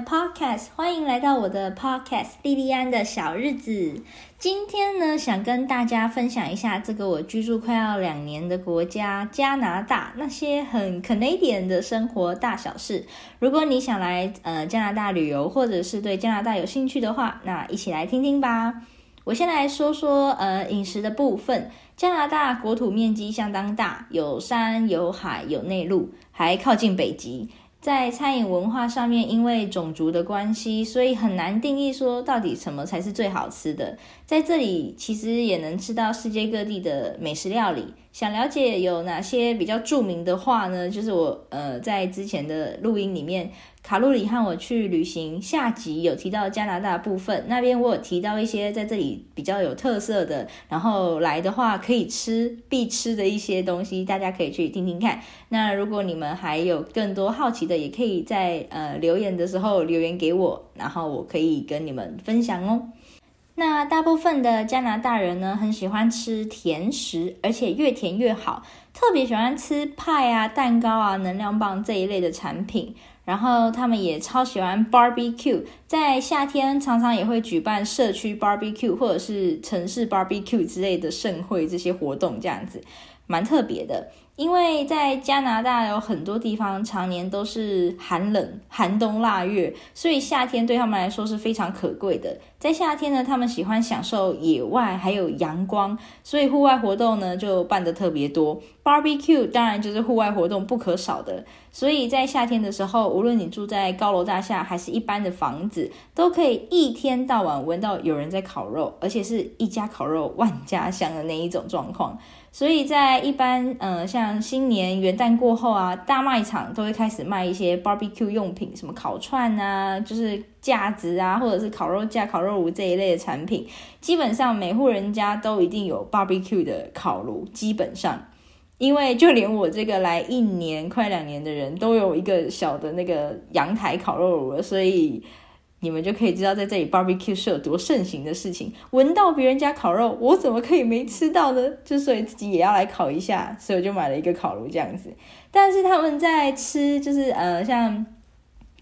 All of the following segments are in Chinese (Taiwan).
Podcast，歡迎來到我的 Podcast 莉莉安的小日子。今天呢，想跟大家分享一下這個我居住快要兩年的國家加拿大那些很 Canadian 的生活大小事。如果你想來呃加拿大旅遊，或者是對加拿大有興趣的話，那一起來聽聽吧。我先來說說呃飲食的部分。加拿大國土面積相當大，有山有海有內陸，還靠近北極。在餐飲文化上面，因為種族的關係，所以很難定義說到底什麼才是最好吃的。在這裡其實也能吃到世界各地的美食料理。想了解有哪些比較著名的話呢？就是我呃在之前的錄音裡面，卡路里和我去旅行下集有提到加拿大部分，那邊我有提到一些在這裡比較有特色的，然後來的話可以吃必吃的一些東西，大家可以去聽聽看。那如果你們還有更多好奇的，也可以在呃留言的時候留言給我，然後我可以跟你們分享哦。那大部分的加拿大人呢，很喜歡吃甜食，而且越甜越好，特別喜歡吃派啊、蛋糕啊、能量棒這一類的產品。然後他們也超喜歡 barbecue，在夏天常常也會舉辦社區 barbecue 或者是城市 barbecue 之類的盛會，這些活動這樣子，蠻特別的。因為在加拿大有很多地方常年都是寒冷、寒冬臘月，所以夏天對他們來說是非常可貴的。在夏天呢，他們喜歡享受野外還有陽光，所以戶外活動呢就辦得特別多。Barbecue 當然就是戶外活動不可少的，所以在夏天的時候，無論你住在高樓大廈還是一般的房子，都可以一天到晚聞到有人在烤肉，而且是一家烤肉萬家香的那一種狀況。所以在一般，呃，像新年元旦過後啊，大賣場都會開始賣一些 Barbecue 用品，什麼烤串啊，就是架子啊，或者是烤肉架、烤肉爐這一類的產品。基本上每戶人家都一定有 Barbecue 的烤爐，基本上。因為就連我這個來一年快兩年的人都有一個小的那個陽台烤肉爐，所以你們就可以知道在這裡 barbecue 是有多盛行的事情。聞到別人家烤肉，我怎麼可以沒吃到呢？就所以自己也要來烤一下，所以我就買了一個烤爐這樣子。但是他們在吃，就是呃，像。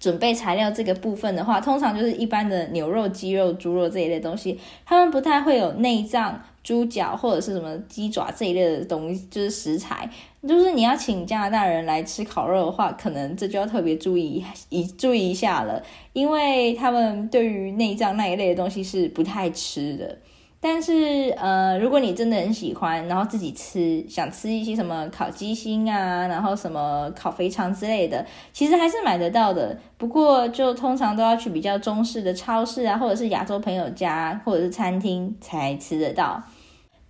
準備材料這個部分的話，通常就是一般的牛肉、雞肉、豬肉這一類東西，他們不太會有內臟、豬腳或者是什麼雞爪這一類的東西，就是食材。就是你要請加拿大人來吃烤肉的話，可能這就要特別注意一注意一下了，因為他們對於內臟那一類的東西是不太吃的。但是，呃，如果你真的很喜歡，然後自己吃，想吃一些什麼烤雞心啊，然後什麼烤肥腸之類的，其實還是買得到的。不過，就通常都要去比較中式的超市啊，或者是亞洲朋友家，或者是餐廳才吃得到。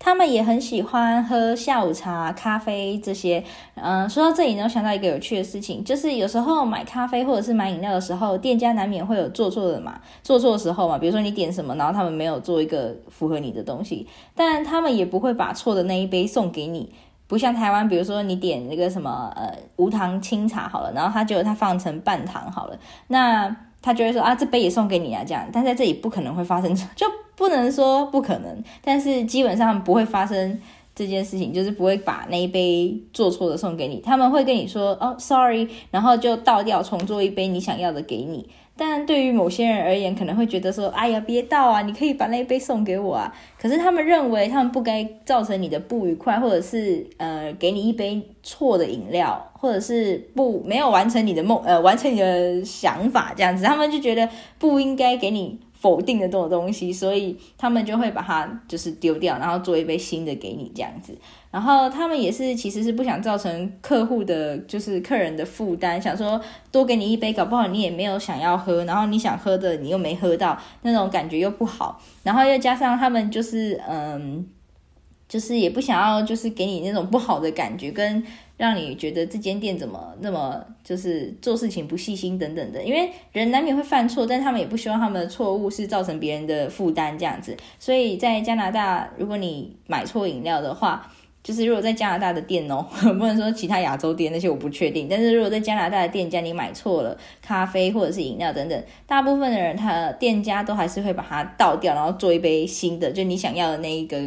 他們也很喜歡喝下午茶、咖啡這些。嗯，說到這裡呢，我想到一個有趣的事情，就是有時候買咖啡或者是買飲料的時候，店家難免會有做錯的嘛。做錯的時候嘛，比如說你點什麼，然後他們沒有做一個符合你的東西，但他們也不會把錯的那一杯送給你，不像台灣，比如說你點那個什麼呃無糖清茶好了，然後他就他放成半糖好了，那。他就會說啊，這杯也送給你啊，這樣。但在這裡不可能會發生，就不能說不可能，但是基本上不會發生。這件事情就是不會把那一杯做錯的送給你，他們會跟你說哦，sorry，然後就倒掉，重做一杯你想要的給你。但對於某些人而言，可能會覺得說，哎呀，別倒啊，你可以把那一杯送給我啊。可是他們認為，他們不該造成你的不愉快，或者是呃，給你一杯錯的飲料，或者是不沒有完成你的夢，呃，完成你的想法這樣子，他們就覺得不應該給你。否定的這種東西，所以他們就會把它就是丟掉，然後做一杯新的給你這樣子。然後他們也是其實是不想造成客戶的就是客人的負擔，想說多給你一杯，搞不好你也沒有想要喝，然後你想喝的你又沒喝到，那種感覺又不好。然後又加上他們就是嗯，就是也不想要就是給你那種不好的感覺跟。讓你覺得這間店怎麼那麼就是做事情不細心等等的，因為人難免會犯錯，但他們也不希望他們的錯誤是造成別人的負擔這樣子。所以在加拿大，如果你買錯飲料的話，就是如果在加拿大的店哦，不能說其他亞洲店那些我不確定，但是如果在加拿大的店家你買錯了咖啡或者是飲料等等，大部分的人他店家都還是會把它倒掉，然後做一杯新的，就你想要的那一個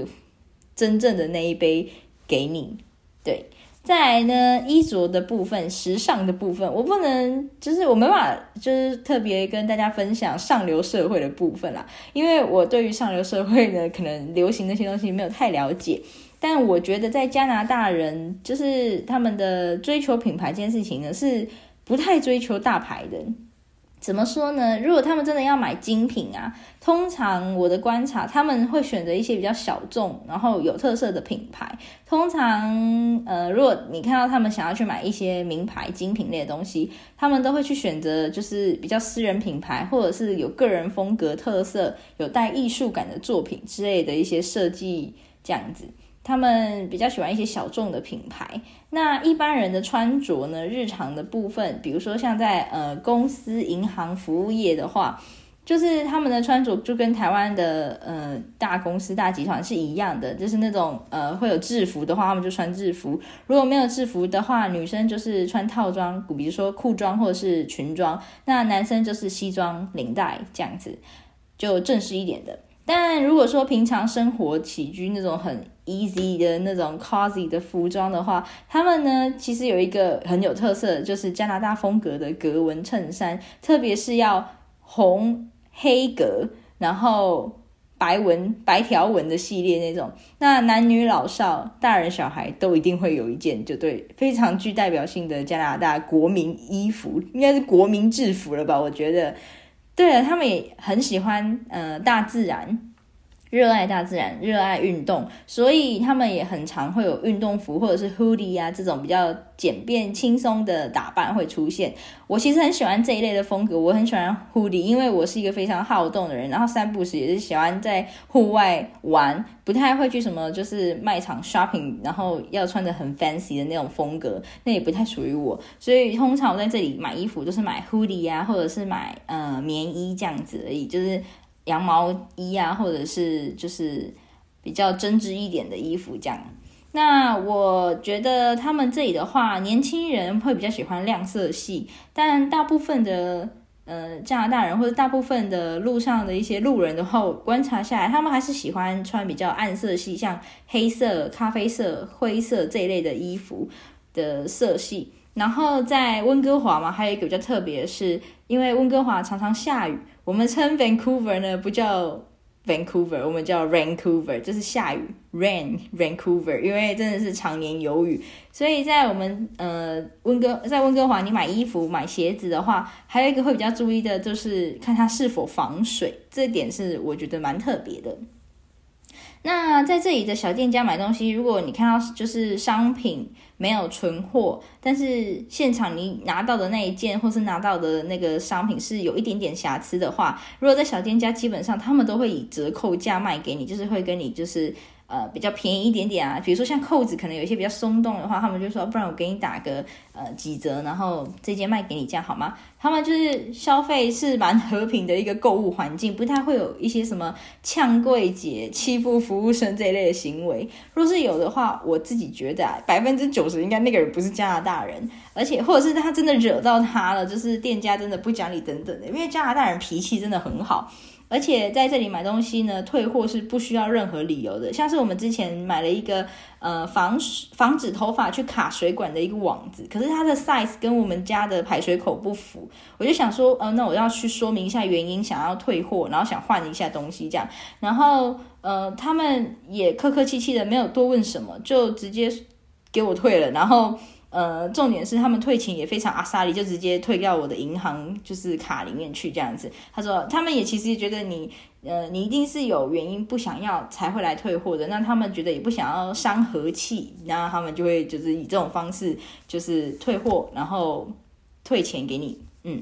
真正的那一杯給你，對。再來呢，衣着的部分，時尚的部分，我不能，就是我沒辦法，就是特別跟大家分享上流社會的部分啦，因為我對於上流社會呢，可能流行那些東西沒有太了解，但我覺得在加拿大人，就是他們的追求品牌這件事情呢，是不太追求大牌的。怎麼說呢？如果他們真的要買精品啊，通常我的觀察，他們會選擇一些比較小眾，然後有特色的品牌。通常，呃，如果你看到他們想要去買一些名牌精品類的東西，他們都會去選擇就是比較私人品牌，或者是有個人風格特色、有帶藝術感的作品之類的一些設計這樣子。他們比較喜歡一些小眾的品牌。那一般人的穿着呢？日常的部分，比如說像在呃公司、銀行服務業的話，就是他們的穿着就跟台灣的呃大公司、大集團是一樣的，就是那種呃會有制服的話，他們就穿制服；如果沒有制服的話，女生就是穿套裝，比如說褲裝或者是裙裝；那男生就是西裝、領帶這樣子，就正式一點的。但如果說平常生活起居那種很 easy 的那種 cosy 的服裝的話，他們呢其實有一個很有特色的，就是加拿大風格的格紋襯衫，特別是要紅黑格，然後白紋白條紋的系列那種。那男女老少、大人小孩都一定會有一件，就對非常具代表性的加拿大國民衣服，應該是國民制服了吧？我覺得。對了，他們也很喜歡，呃，大自然。熱愛大自然，熱愛運動，所以他們也很常會有運動服或者是 hoodie 啊這種比較簡便、輕鬆的打扮會出現。我其實很喜歡這一類的風格，我很喜歡 hoodie，因為我是一個非常好動的人，然後散步時也是喜歡在戶外玩，不太會去什麼就是賣場 shopping，然後要穿得很 fancy 的那種風格，那也不太屬於我。所以通常我在這裡買衣服都是買 hoodie 啊，或者是買，呃，棉衣這樣子而已，就是。羊毛衣啊，或者是就是比較針織一點的衣服，這樣。那我覺得他們這裡的話，年輕人會比較喜歡亮色系，但大部分的呃加拿大人或者大部分的路上的一些路人的話，我觀察下來，他們還是喜歡穿比較暗色系，像黑色、咖啡色、灰色這一類的衣服的色系。然後在溫哥華嘛，還有一個比較特別的是，因為溫哥華常常下雨。我們稱 Vancouver 呢，不叫 Vancouver，我們叫 Raincouver，就是下雨，Rain Vancouver，因為真的是常年有雨，所以在我們呃溫哥，在溫哥華，你買衣服、買鞋子的話，還有一個會比較注意的就是看它是否防水，這點是我覺得蠻特別的。那在這裡的小店家買東西，如果你看到就是商品沒有存貨，但是現場你拿到的那一件或是拿到的那個商品是有一點點瑕疵的話，如果在小店家，基本上他們都會以折扣價賣給你，就是會跟你就是。呃，比較便宜一點點啊，比如說像釦子可能有一些比較鬆動的話，他們就說，不然我給你打個呃幾折，然後這件賣給你，這樣好嗎？他們就是消費是蠻和平的一個購物環境，不太會有一些什麼嗆櫃姐、欺負服務生這一類的行為。若是有的話，我自己覺得啊百分之九十應該那個人不是加拿大人，而且或者是他真的惹到他了，就是店家真的不講理等等的，因為加拿大人脾氣真的很好。而且在這裡買東西呢，退貨是不需要任何理由的。像是我們之前買了一個呃防防止頭髮去卡水管的一個網子，可是它的 size 跟我們家的排水口不符，我就想說，呃，那我要去說明一下原因，想要退貨，然後想換一下東西這樣。然後呃，他們也客客氣氣的，沒有多問什麼，就直接給我退了。然後。呃，重點是他們退錢也非常阿莎力，就直接退掉我的銀行就是卡裡面去這樣子。他說他們也其實覺得你，呃，你一定是有原因不想要才會來退貨的，那他們覺得也不想要傷和氣，然後他們就會就是以這種方式就是退貨，然後退錢給你。嗯，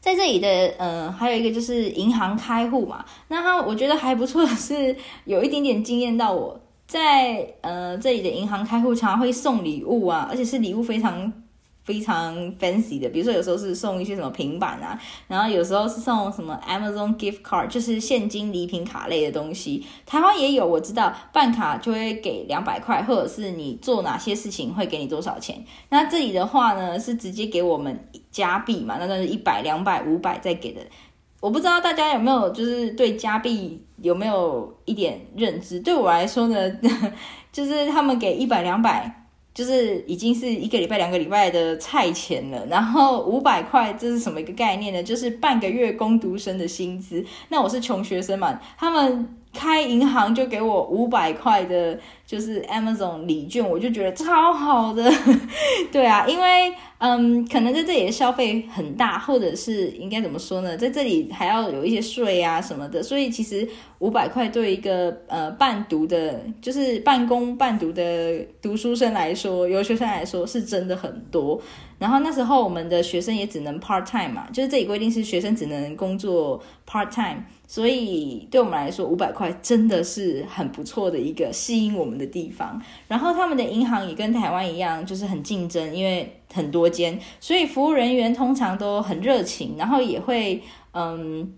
在這裡的呃還有一個就是銀行開戶嘛，那他我覺得還不錯，是有一點點驚艷到我。在呃，這裡的銀行開戶，常常會送禮物啊，而且是禮物非常非常 fancy 的，比如說有時候是送一些什麼平板啊，然後有時候是送什麼 Amazon gift card，就是現金禮品卡類的東西。台灣也有，我知道辦卡就會給兩百塊，或者是你做哪些事情會給你多少錢。那這裡的話呢，是直接給我們加幣嘛，那都是一百、兩百、五百再給的。我不知道大家有沒有就是對加幣有沒有一點認知？對我來說呢，就是他們給一百兩百，就是已經是一個禮拜兩個禮拜的菜錢了。然後五百塊，這是什麼一個概念呢？就是半個月工讀生的薪資。那我是窮學生嘛，他們開銀行就給我五百塊的。就是 Amazon 禮券，我就覺得超好的， 對啊，因為嗯，可能在這裡的消費很大，或者是應該怎麼說呢，在這裡還要有一些稅啊什麼的，所以其實五百塊對一個呃半讀的，就是半工半讀的讀書生來說，留學生來說是真的很多。然後那時候我們的學生也只能 part time 嘛，就是這裡規定是學生只能工作 part time，所以對我們來說五百塊真的是很不錯的一個，吸引我們的地方，然後他們的銀行也跟台灣一樣，就是很競爭，因為很多間，所以服務人員通常都很熱情，然後也會嗯，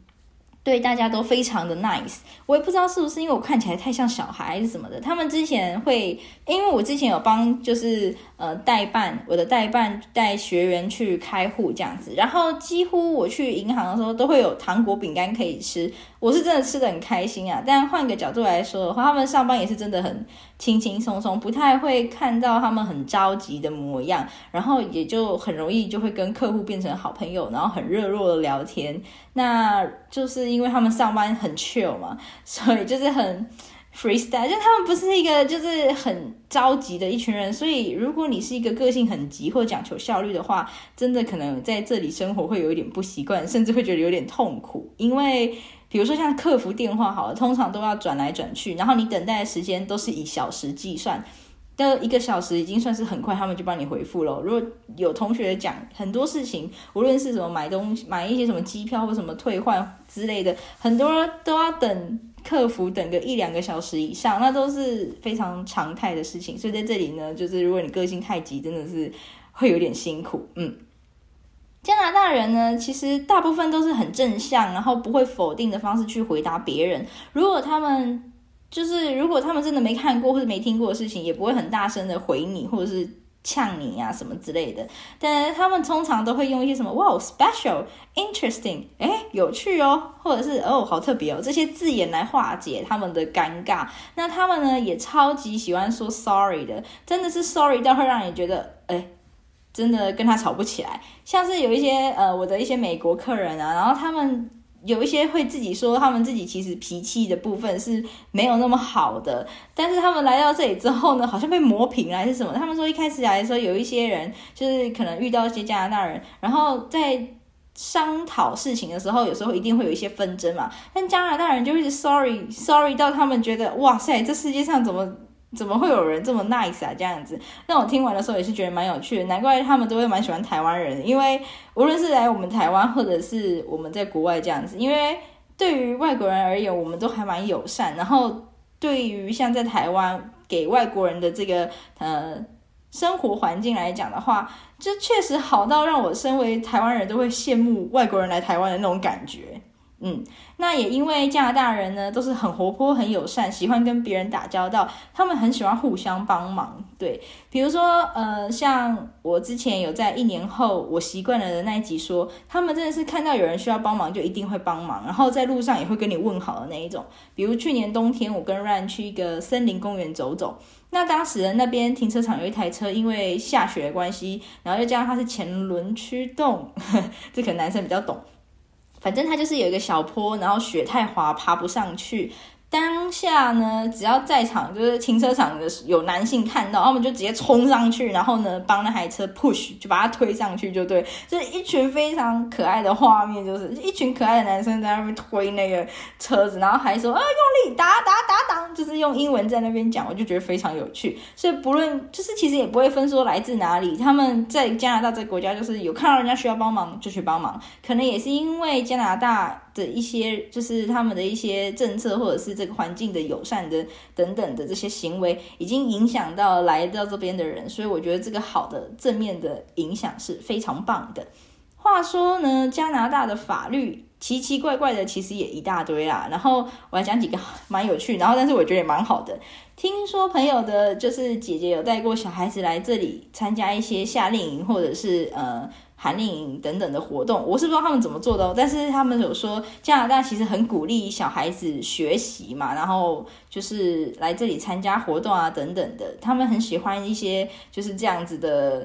對大家都非常的 nice。我也不知道是不是因為我看起來太像小孩子什麼的，他們之前會，因為我之前有幫就是呃代辦我的代辦帶學員去開戶這樣子，然後幾乎我去銀行的時候都會有糖果餅乾可以吃，我是真的吃得很開心啊。但換個角度來說的話，他們上班也是真的很。輕輕鬆鬆，不太會看到他們很着急的模樣，然後也就很容易就會跟客戶變成好朋友，然後很熱絡的聊天。那就是因為他們上班很 chill 嘛，所以就是很 freestyle，就他們不是一個就是很着急的一群人。所以如果你是一個個性很急或講求效率的話，真的可能在這裡生活會有一點不習慣，甚至會覺得有點痛苦，因為。比如說像客服電話好了，通常都要轉來轉去，然後你等待的時間都是以小時計算，的一個小時已經算是很快，他們就幫你回覆了、哦。如果有同學講很多事情，無論是什麼買東西、買一些什麼機票或什麼退換之類的，很多都要等客服等個一兩個小時以上，那都是非常常態的事情。所以在這裡呢，就是如果你個性太急，真的是會有點辛苦，嗯。加拿大人呢，其實大部分都是很正向，然後不會否定的方式去回答別人。如果他們就是如果他們真的沒看過或者沒聽過的事情，也不會很大聲的回你或者是嗆你啊什麼之類的。但是他們通常都會用一些什麼“哇哦，special”，“interesting”，誒有趣哦，或者是“哦，好特別哦”這些字眼來化解他們的尷尬。那他們呢，也超級喜歡說 “sorry” 的，真的是 “sorry”，但會讓你覺得，誒真的跟他吵不起來，像是有一些呃，我的一些美國客人啊，然後他們有一些會自己說，他們自己其實脾氣的部分是沒有那麼好的，但是他們來到這裡之後呢，好像被磨平了還是什麼？他們說一開始來、啊、說，有一些人就是可能遇到一些加拿大人，然後在商討事情的時候，有時候一定會有一些紛爭嘛，但加拿大人就一直 sorry sorry 到他們覺得，哇塞，這世界上怎麼？怎麼會有人這麼 nice 啊？這樣子讓我聽完的時候也是覺得蠻有趣的。難怪他們都會蠻喜歡台灣人，因為無論是來我們台灣，或者是我們在國外這樣子，因為對於外國人而言，我們都還蠻友善。然後對於像在台灣給外國人的這個呃生活環境來講的話，就確實好到讓我身為台灣人都會羨慕外國人來台灣的那種感覺。嗯，那也因為加拿大人呢，都是很活潑、很友善，喜歡跟別人打交道。他們很喜歡互相幫忙，對。比如說，呃，像我之前有在一年後我習慣了的那一集說，他們真的是看到有人需要幫忙就一定會幫忙，然後在路上也會跟你問好的那一種。比如去年冬天，我跟 Ran 去一個森林公園走走，那當時那邊停車場有一台車，因為下雪的關係，然後又加上它是前輪驅動，呵呵，這可能男生比較懂。反正它就是有一個小坡，然後雪太滑，爬不上去。當下呢，只要在場，就是停車場的有男性看到，他們就直接衝上去，然後呢，幫那台車 push，就把它推上去就對，就是一群非常可愛的畫面，就是一群可愛的男生在那邊推那個車子，然後還說啊，用力打打打打，就是用英文在那邊講，我就覺得非常有趣。所以不論，就是其實也不會分說來自哪裡，他們在加拿大這個國家，就是有看到人家需要幫忙就去幫忙，可能也是因為加拿大，的一些就是他們的一些政策，或者是這個環境的友善的等等的這些行為，已經影響到來到這邊的人，所以我覺得這個好的正面的影響是非常棒的。話說呢，加拿大的法律奇奇怪怪的，其實也一大堆啦。然後我還講幾個蠻有趣，然後但是我覺得也蠻好的。聽說朋友的，就是姐姐有帶過小孩子來這裡參加一些夏令營，或者是呃。寒令營等等的活動，我是不知道他們怎麼做的哦。但是他們有說加拿大其實很鼓勵小孩子學習嘛，然後就是來這裡參加活動啊等等的。他們很喜歡一些就是這樣子的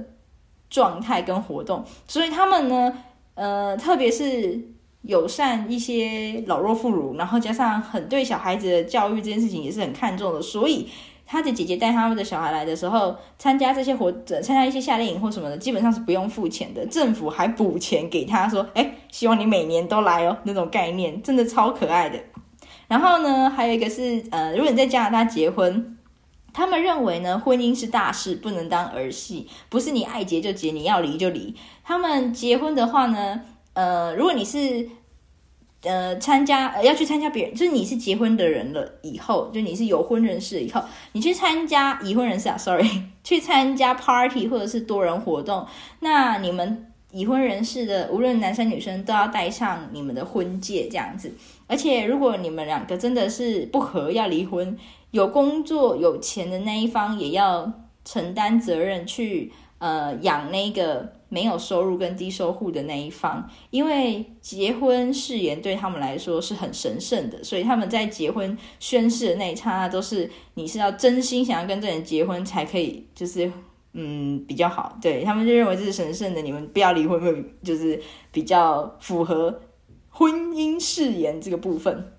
狀態跟活動，所以他們呢，呃，特別是友善一些老弱婦孺，然後加上很對小孩子的教育這件事情也是很看重的，所以。他的姐姐帶他們的小孩來的時候，參加這些活，呃，參加一些夏令營或什麼的，基本上是不用付錢的，政府還補錢給他說、欸，希望你每年都來哦，那種概念真的超可愛的。然後呢，還有一個是，呃，如果你在加拿大結婚，他們認為呢，婚姻是大事，不能當兒戲，不是你愛結就結，你要離就離。他們結婚的話呢，呃，如果你是呃，參加呃要去參加別人，就是你是結婚的人了以後，就你是有婚人士以後，你去參加已婚人士啊，sorry，去參加 party 或者是多人活動，那你們已婚人士的無論男生女生都要帶上你們的婚戒這樣子。而且如果你們兩個真的是不合，要離婚，有工作有錢的那一方也要承擔責任去呃養那個。沒有收入跟低收入的那一方，因為結婚誓言對他們來說是很神聖的，所以他們在結婚宣誓的那一剎那，都是你是要真心想要跟這人結婚才可以，就是嗯比較好。對，他們就認為這是神聖的，你們不要離婚，會就是比較符合婚姻誓言這個部分。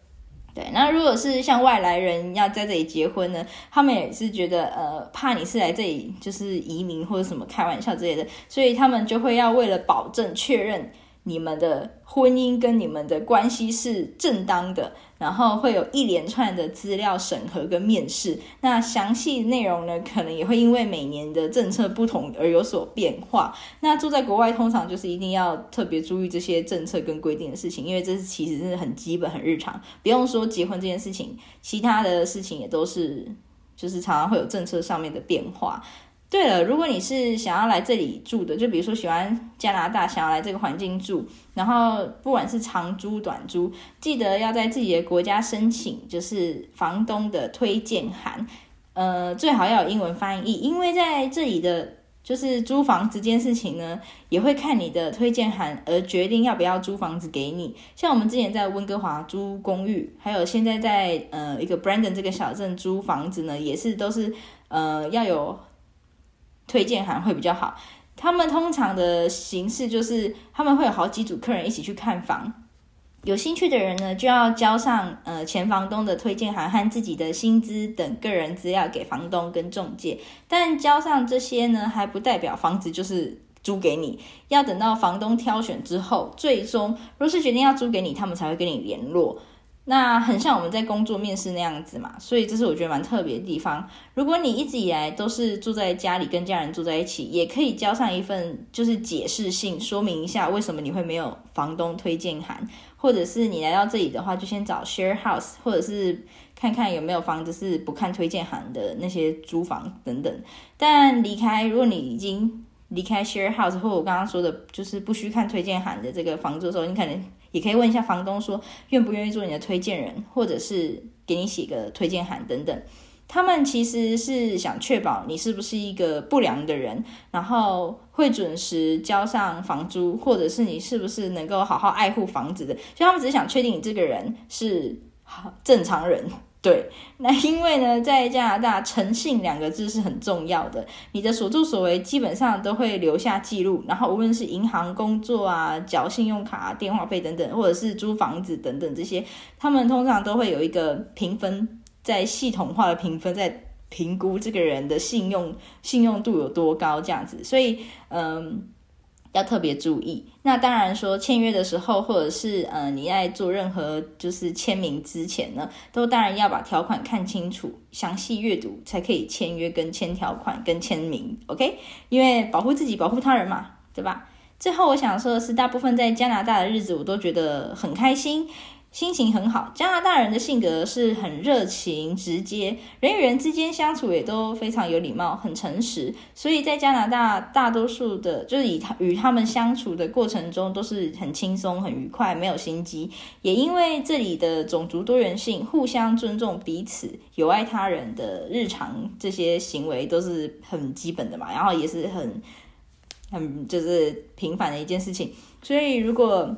對，那如果是像外來人要在這裡結婚呢，他們也是覺得，呃，怕你是來這裡就是移民或者什麼開玩笑之類的，所以他們就會要為了保證確認你們的婚姻跟你們的關係是正當的。然後會有一連串的資料審核跟面試，那詳細內容呢，可能也會因為每年的政策不同而有所變化。那住在國外，通常就是一定要特別注意這些政策跟規定的事情，因為這是其實是很基本很日常。不用說結婚這件事情，其他的事情也都是，就是常常會有政策上面的變化。對了，如果你是想要來這裡住的，就比如說喜歡加拿大，想要來這個環境住，然後不管是長租短租，記得要在自己的國家申請，就是房東的推薦函，呃，最好要有英文翻譯，因為在這裡的，就是租房這件事情呢，也會看你的推薦函而決定要不要租房子給你。像我們之前在溫哥華租公寓，還有現在在呃一個 Brandon 這個小鎮租房子呢，也是都是呃要有。推薦函會比較好。他們通常的形式就是，他們會有好幾組客人一起去看房。有興趣的人呢，就要交上呃前房東的推薦函和自己的薪資等個人資料給房東跟中介。但交上這些呢，還不代表房子就是租給你，要等到房東挑選之後，最終若是決定要租給你，他們才會跟你聯絡。那很像我們在工作面試那樣子嘛，所以這是我覺得蠻特別的地方。如果你一直以來都是住在家裡，跟家人住在一起，也可以交上一份就是解釋信，說明一下為什麼你會沒有房東推薦函，或者是你來到這裡的話，就先找 share house，或者是看看有沒有房子是不看推薦函的那些租房等等。但離開，如果你已經離開 share house，或者我剛剛說的，就是不需看推薦函的這個房子的時候，你可能。也可以問一下房東，說願不願意做你的推薦人，或者是給你寫個推薦函等等。他們其實是想確保你是不是一個不良的人，然後會準時交上房租，或者是你是不是能夠好好愛護房子的。所以他們只是想確定你這個人是正常人。對，那因為呢，在加拿大，誠信兩個字是很重要的。你的所作所為基本上都會留下記錄，然後無論是銀行工作啊、繳信用卡啊、電話費等等，或者是租房子等等這些，他們通常都會有一個評分，在系統化的評分，在評估這個人的信用信用度有多高這樣子。所以，嗯。要特別注意，那當然說簽約的時候，或者是呃你在做任何就是簽名之前呢，都當然要把條款看清楚、詳細閱讀，才可以簽約、跟簽條款、跟簽名，OK？因為保護自己、保護他人嘛，對吧？最後我想說的是，大部分在加拿大的日子，我都覺得很開心。心情很好。加拿大人的性格是很熱情、直接，人與人之間相處也都非常有禮貌、很誠實，所以在加拿大，大多數的，就是以他與他們相處的過程中，都是很輕鬆、很愉快，沒有心機。也因為這裡的種族多元性，互相尊重彼此、友愛他人的日常，這些行為都是很基本的嘛，然後也是很、很就是平凡的一件事情。所以如果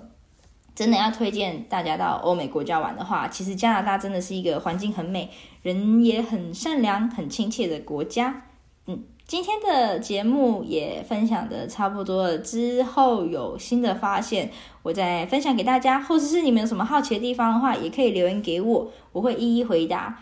真的要推薦大家到歐美國家玩的話，其實加拿大真的是一個環境很美、人也很善良、很親切的國家。嗯，今天的節目也分享的差不多了，之後有新的發現，我再分享給大家。或者是你們有什麼好奇的地方的話，也可以留言給我，我會一一回答，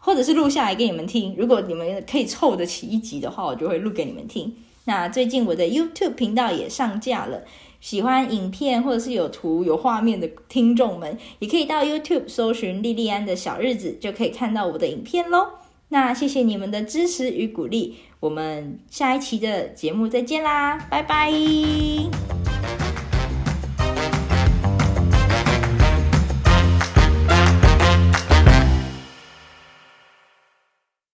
或者是錄下來給你們聽。如果你們可以湊得起一集的話，我就會錄給你們聽。那最近我的 YouTube 頻道也上架了。喜歡影片或者是有圖有畫面的聽眾們，也可以到 YouTube 搜尋莉莉安的小日子，就可以看到我的影片嘍。那謝謝你們的支持與鼓勵，我們下一期的節目再見啦，拜拜。